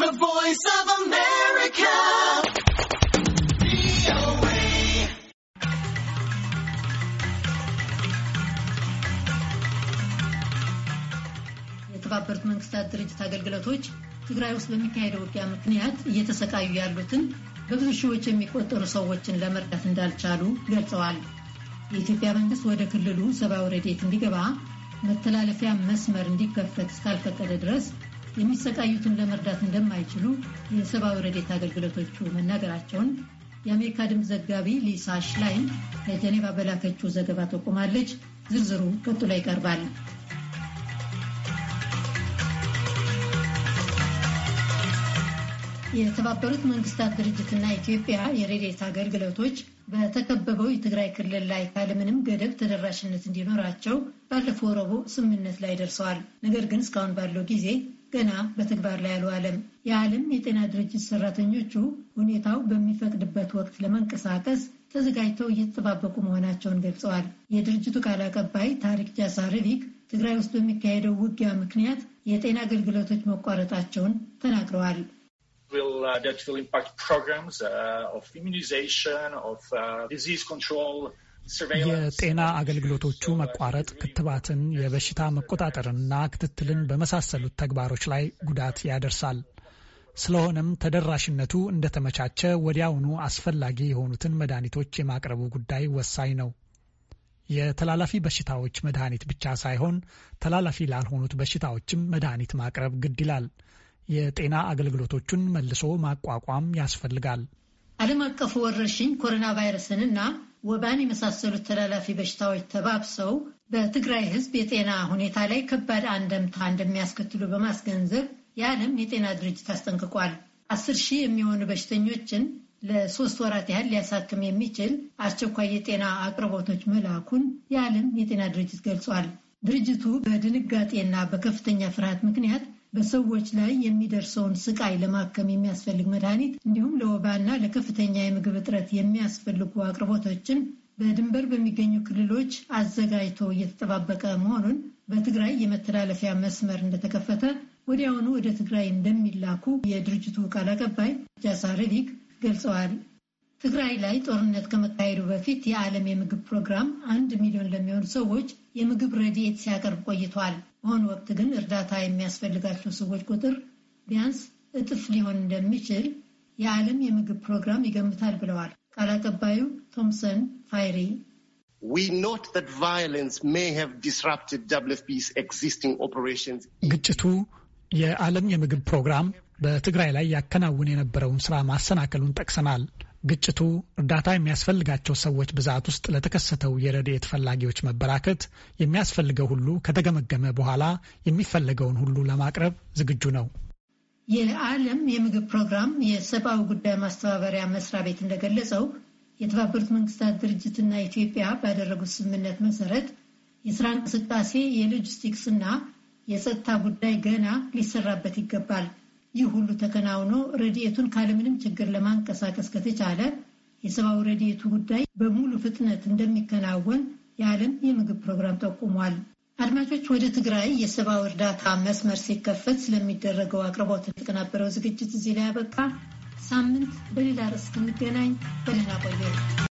The Voice of America. የተባበሩት መንግስታት ድርጅት አገልግሎቶች ትግራይ ውስጥ በሚካሄደው ውጊያ ምክንያት እየተሰቃዩ ያሉትን በብዙ ሺዎች የሚቆጠሩ ሰዎችን ለመርዳት እንዳልቻሉ ገልጸዋል። የኢትዮጵያ መንግስት ወደ ክልሉ ሰብአዊ ረድኤት እንዲገባ መተላለፊያ መስመር እንዲከፈት እስካልፈቀደ ድረስ የሚሰቃዩትን ለመርዳት እንደማይችሉ የሰብአዊ ረዴት አገልግሎቶቹ መናገራቸውን የአሜሪካ ድምፅ ዘጋቢ ሊሳ ሽላይን ከጀኔቫ በላከችው ዘገባ ጠቁማለች። ዝርዝሩ ቀጥሎ ይቀርባል። የተባበሩት መንግስታት ድርጅትና ኢትዮጵያ የሬዴት አገልግሎቶች በተከበበው የትግራይ ክልል ላይ ካለምንም ገደብ ተደራሽነት እንዲኖራቸው ባለፈው ረቡዕ ስምምነት ላይ ደርሰዋል። ነገር ግን እስካሁን ባለው ጊዜ ገና በተግባር ላይ አልዋለም። የዓለም የጤና ድርጅት ሰራተኞቹ ሁኔታው በሚፈቅድበት ወቅት ለመንቀሳቀስ ተዘጋጅተው እየተጠባበቁ መሆናቸውን ገልጸዋል። የድርጅቱ ቃል አቀባይ ታሪክ ጃሳረቪክ ትግራይ ውስጥ በሚካሄደው ውጊያ ምክንያት የጤና አገልግሎቶች መቋረጣቸውን ተናግረዋል። uh, የጤና አገልግሎቶቹ መቋረጥ ክትባትን፣ የበሽታ መቆጣጠርንና ክትትልን በመሳሰሉት ተግባሮች ላይ ጉዳት ያደርሳል። ስለሆነም ተደራሽነቱ እንደተመቻቸ ወዲያውኑ አስፈላጊ የሆኑትን መድኃኒቶች የማቅረቡ ጉዳይ ወሳኝ ነው። የተላላፊ በሽታዎች መድኃኒት ብቻ ሳይሆን ተላላፊ ላልሆኑት በሽታዎችም መድኃኒት ማቅረብ ግድ ይላል። የጤና አገልግሎቶቹን መልሶ ማቋቋም ያስፈልጋል። ዓለም አቀፉ ወረርሽኝ ኮሮና ቫይረስንና ወባን የመሳሰሉት ተላላፊ በሽታዎች ተባብሰው በትግራይ ሕዝብ የጤና ሁኔታ ላይ ከባድ አንደምታ እንደሚያስከትሉ በማስገንዘብ የዓለም የጤና ድርጅት አስጠንቅቋል። አስር ሺህ የሚሆኑ በሽተኞችን ለሶስት ወራት ያህል ሊያሳክም የሚችል አስቸኳይ የጤና አቅርቦቶች መላኩን የዓለም የጤና ድርጅት ገልጿል። ድርጅቱ በድንጋጤና በከፍተኛ ፍርሃት ምክንያት በሰዎች ላይ የሚደርሰውን ስቃይ ለማከም የሚያስፈልግ መድኃኒት እንዲሁም ለወባና ለከፍተኛ የምግብ እጥረት የሚያስፈልጉ አቅርቦቶችን በድንበር በሚገኙ ክልሎች አዘጋጅቶ እየተጠባበቀ መሆኑን በትግራይ የመተላለፊያ መስመር እንደተከፈተ ወዲያውኑ ወደ ትግራይ እንደሚላኩ የድርጅቱ ቃል አቀባይ ጃሳ ረዲክ ገልጸዋል። ትግራይ ላይ ጦርነት ከመካሄዱ በፊት የዓለም የምግብ ፕሮግራም አንድ ሚሊዮን ለሚሆኑ ሰዎች የምግብ ረድኤት ሲያቀርብ ቆይቷል። በአሁኑ ወቅት ግን እርዳታ የሚያስፈልጋቸው ሰዎች ቁጥር ቢያንስ እጥፍ ሊሆን እንደሚችል የዓለም የምግብ ፕሮግራም ይገምታል ብለዋል ቃል አቀባዩ ቶምሰን ፋይሪ። ግጭቱ የዓለም የምግብ ፕሮግራም በትግራይ ላይ ያከናውን የነበረውን ስራ ማሰናከሉን ጠቅሰናል። ግጭቱ እርዳታ የሚያስፈልጋቸው ሰዎች ብዛት ውስጥ ለተከሰተው የረድኤት ፈላጊዎች መበራከት የሚያስፈልገው ሁሉ ከተገመገመ በኋላ የሚፈለገውን ሁሉ ለማቅረብ ዝግጁ ነው። የዓለም የምግብ ፕሮግራም የሰብአዊ ጉዳይ ማስተባበሪያ መስሪያ ቤት እንደገለጸው የተባበሩት መንግስታት ድርጅትና ኢትዮጵያ ባደረጉት ስምምነት መሰረት የስራ እንቅስቃሴ፣ የሎጂስቲክስ እና የጸጥታ ጉዳይ ገና ሊሰራበት ይገባል። ይህ ሁሉ ተከናውኖ ረድኤቱን ካለምንም ችግር ለማንቀሳቀስ ከተቻለ የሰብአዊ ረድኤቱ ጉዳይ በሙሉ ፍጥነት እንደሚከናወን የዓለም የምግብ ፕሮግራም ጠቁሟል። አድማጮች፣ ወደ ትግራይ የሰብአዊ እርዳታ መስመር ሲከፈት ስለሚደረገው አቅርቦት የተቀናበረው ዝግጅት እዚህ ላይ ያበቃ። ሳምንት በሌላ ርዕስ እስክንገናኝ በደህና ቆየ።